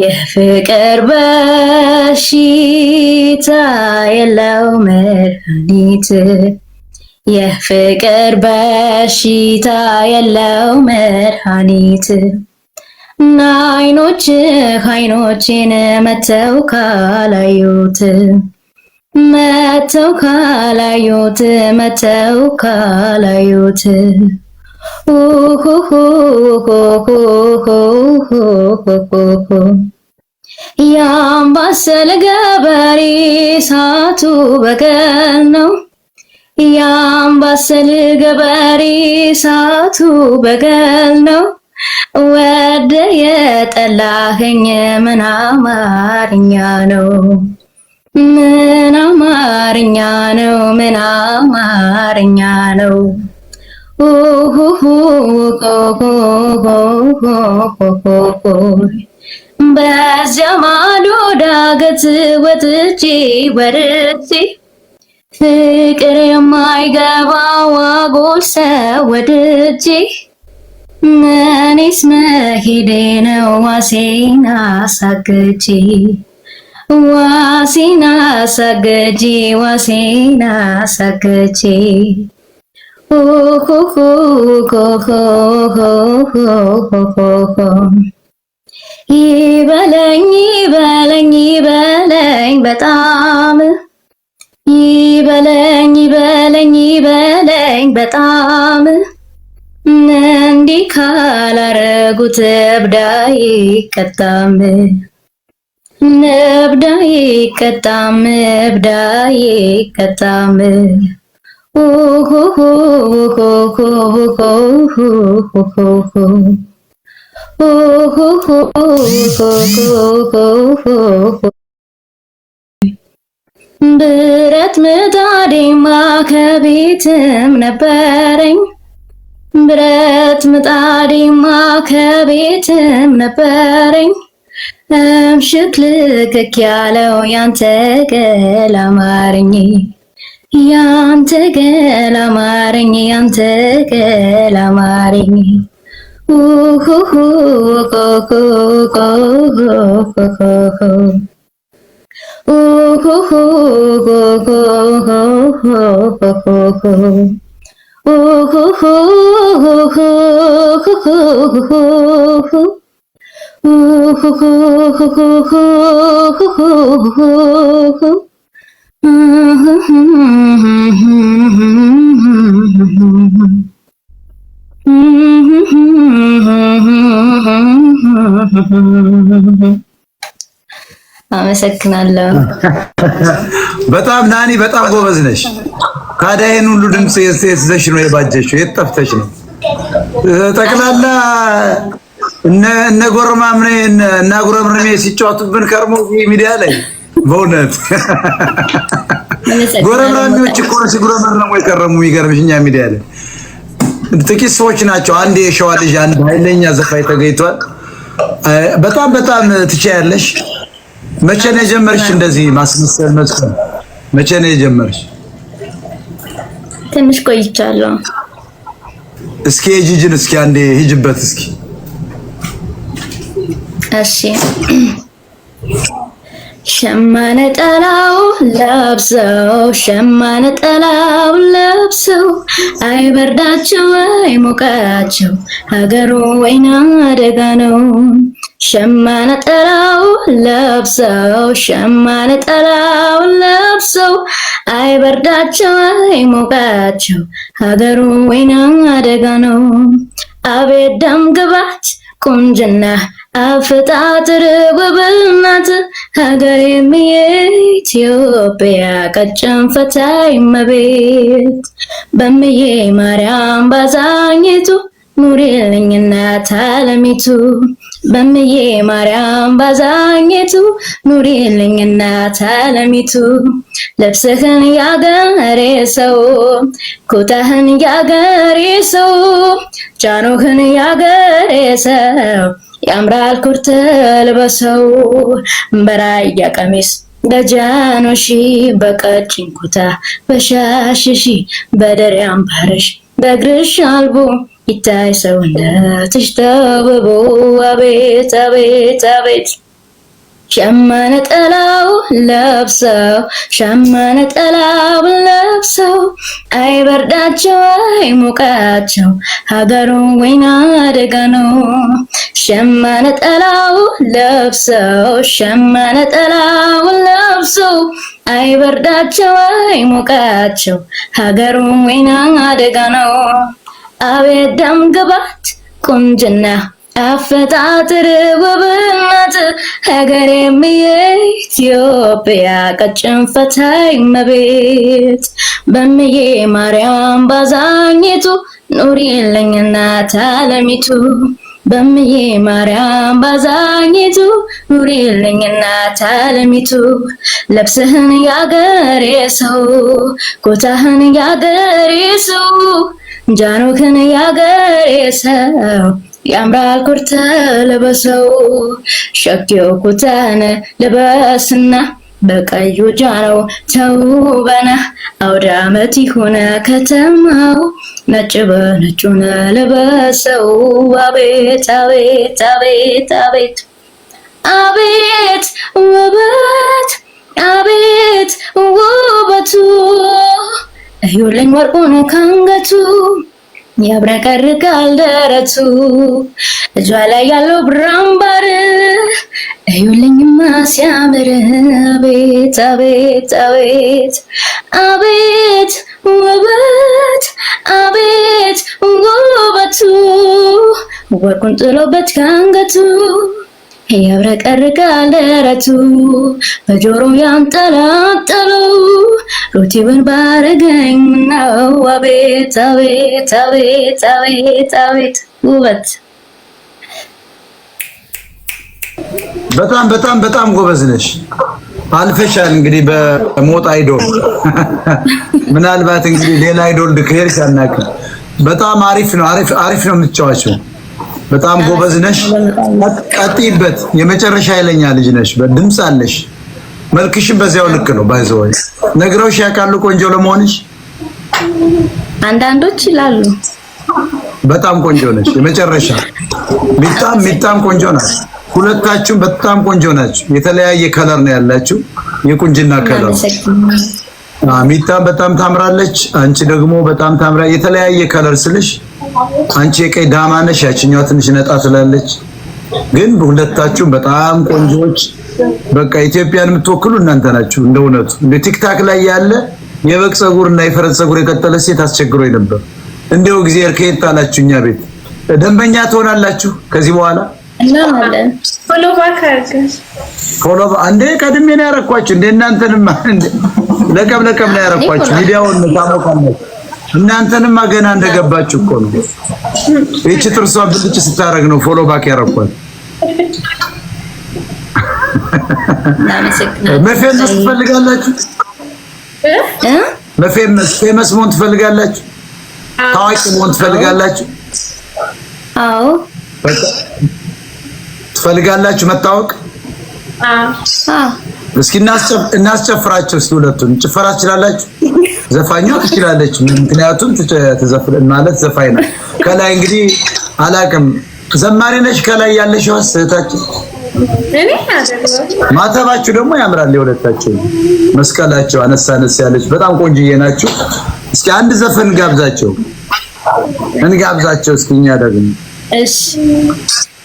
የፍቅር በሽታ የለው መድኃኒት የፍቅር በሽታ የለው መድኃኒት እና አይኖች አይኖችን መተው ካላዩት መተው ካላዩት መተው ካላዩት ያምባሰል ገበሬ ሳቱ በቀን ነው። ያምባሰል ገበሬ ሳቱ በቀን ነው። ወደ የጠላኸኝ ምን አማርኛ ነው? ምን አማርኛ ነው? ምን አማርኛ ነው? በዚያ ማዶ ዳገት ወጥቼ ወርቼ ፍቅር የማይገባ አጎሰ ወድጄ እኔስ መሄዴ ነው ዋሴን አሳግቼ વાસીના સગજી વાસીના સગજી Oh, ይበለኝ ይበለኝ ይበለኝ በጣም ይበለኝ ይበለኝ ይበለኝ በጣም እንዲህ ካላረጉት እብዳ ይቀጣም መብዳዬ ቀጣም መብዳዬ ቀጣም ብረት ምጣዴማ ከቤትም ነበረኝ ብረት ምጣዴማ ከቤትም ነበረኝ ሽክልክክ ያለው ያንተ ገላ ማረኝ ያንተ ገላ ማረኝ ያንተ ገላ ማረኝ ኦሆሆ አመሰግናለሁ። በጣም ናኒ፣ በጣም ጎበዝ ነሽ። ታዲያ ሁሉ ድምፅ የት ይዘሽ ነው የባጀሽው? የት ጠፍተሽ ነው? ጠቅላላ እነ እነ ጎረማምኔ እነ ጎረምርሜ ሲጫወቱብን ከርሞ ሚዲያ ላይ በእውነት ጎረምራሚዎች እኮ ነው ሲጎረመረሙ የከረሙ። የሚገርምሽ እኛ ሚዲያ ላይ ጥቂት ሰዎች ናቸው። አንድ የሸዋ ልጅ አንድ ኃይለኛ ዘፋኝ ተገኝቷል። በጣም በጣም ትችያለሽ። መቼ ነው የጀመርሽ እንደዚህ ማስመሰል መዝፈን? መቼ ነው የጀመርሽ? ትንሽ ቆይቻለሁ። እስኪ የጂጂን እስኪ አንዴ ሂጅበት እስኪ እሺ ሸማነ ጠላው ለብሰው ሸማነ ጠላው ለብሰው አይበርዳቸው አይሞቃቸው ሀገሩ ወይና አደጋ ነው። ሸማነ ጠላው ለብሰው ሸማነ ጠላው ለብሰው አይበርዳቸው አይሞቃቸው ሀገሩ ወይና አደጋ ነው። አቤት ደም ግባት ቁንጅና አፈጣጥር ውብናት ሀገር ኢትዮጵያ ቀጭን ፈታይ መቤት በምዬ ማርያም ባዛኝቱ ኑሪልኝ እናት አለሚቱ በምዬ ማርያም ባዛኝቱ ኑሪልኝ እናት ልብስህን ያገሬ ሰው ኩታህን ያገሬ ሰው ጃኖህን ያገሬ ሰው ያምራል ኩርተ ልበሰው በራያ ቀሚስ ደጃኖሺ በቀጭን ኩታ በሻሽሺ በደሬ አምባረሽ በእግርሽ አልቦ ይታይ ሰውነትሽ ተውቦ አቤት አቤት አቤት ሸማ ነጠላው ለብሰው ሸማ ነጠላው ለብሰው አይበርዳቸው አይሞቃቸው ሀገሩ ወይና አደጋ ነው። ሸማ ነጠላው ለብሰው ሸማ ነጠላው ለብሰው አይበርዳቸው አይሞቃቸው ሀገሩ ወይና አደጋ ነው። አቤት ደም ግባት ቁንጅና አፈጣጥር ውብነት ሀገር የኢትዮጵያ ቀጭን ፈታይ መቤት በምዬ ማርያም ባዛኝቱ ኑሪልኝ እናት አለሚቱ በምዬ ማርያም ባዛኝቱ ኑሪልኝ እናት አለሚቱ ለብስህን ያገሬ ሰው ኮታህን ያገሬ ሰው ጃኖክን ያገሬ ሰው ያምራል ኩርተ ለበሰው ሸኪው ኩተነ ልበስና በቀዩ ጃነው ተውበና አውደ ዓመት ይሆነ ከተማው ነጭ በነጭ ሆነ ለበሰው አቤት አቤት አቤት አቤት አቤት ውበት አቤት ውበቱ እዩልኝ ወርቁን ካንገቱ ያብረቀርቃል ደረቱ እጇ ላይ ያለው ብራምባር እዩልኝማ ሲያምር አቤት አቤት አቤት አቤት ውበት አቤት ውበቱ ወርቁን ጥሎበት ካንገቱ ያብረቀርቃል ደረቱ በጆሮ ያንጠላጠለው ሮቲውን ባረገኝ ነው አቤት አቤት አቤት አቤት አቤት ውበት! በጣም በጣም በጣም ጎበዝ ነሽ። አልፈሻል። እንግዲህ በሞት አይዶል ምናልባት እንግዲህ ሌላ አይዶል ድክሄር ያናቀ በጣም አሪፍ ነው። አሪፍ አሪፍ ነው የምትጫዋቸው በጣም ጎበዝ ነሽ፣ ቀጥይበት። የመጨረሻ ኃይለኛ ልጅ ነሽ፣ በድምፅ አለሽ፣ መልክሽም በዚያው ልክ ነው። ባይዘወይ ነግረውሽ ያውቃሉ ቆንጆ ለመሆንሽ? አንዳንዶች ይላሉ። በጣም ቆንጆ ነሽ። የመጨረሻ ሚጣም ሚጣም ቆንጆ ናት። ሁለታችሁም በጣም ቆንጆ ናችሁ። የተለያየ ከለር ነው ያላችሁ፣ የቁንጅና ከለር ሚጣም በጣም ታምራለች። አንቺ ደግሞ በጣም ታምራ የተለያየ ከለር ስልሽ አንቺ የቀይ ዳማ ነሽ፣ ያችኛዋ ትንሽ ነጣ ትላለች። ግን ሁለታችሁም በጣም ቆንጆች፣ በቃ ኢትዮጵያን የምትወክሉ እናንተ ናችሁ። እንደ እውነቱ ቲክታክ ላይ ያለ የበግ ጸጉር እና የፈረስ ጸጉር የቀጠለ ሴት አስቸግሮኝ ነበር። እንደው ጊዜ እርከየት አላችሁ። እኛ ቤት ደንበኛ ትሆናላችሁ ከዚህ በኋላ ፎሎ አንዴ ቀድሜ ነው ያረኳችሁ። እንደ እናንተንም ለቀም ለቀም ነው ያረኳችሁ። ሚዲያውን ታሞቃለች እናንተንም ገና እንደገባችሁ እኮ ነው። ይቺ ጥርሷ ብልጭ ስታደርግ ነው ፎሎ ባክ ያረኳል። መፌመስ ትፈልጋላችሁ? መፌመስ ፌመስ መሆን ትፈልጋላችሁ? ታዋቂ መሆን ትፈልጋላችሁ? አዎ ትፈልጋላችሁ መታወቅ? አዎ። እስኪ እናስጨፍራቸው። እስኪ ሁለቱን ጭፈራ ትችላላችሁ? ዘፋኙ ትችላለች፣ ምክንያቱም ትዘፍን ማለት ዘፋኝ ነው። ከላይ እንግዲህ አላቅም ዘማሪ ነች። ከላይ ያለሽ ስህታችሁ ማተባችሁ ደግሞ ያምራል። የሁለታችሁ መስቀላቸው አነሳ አነስ ያለች በጣም ቆንጅዬ ናችሁ። እስኪ አንድ ዘፈን ጋብዛቸው እንጋብዛቸው እስኪ እኛ ደግሞ እሺ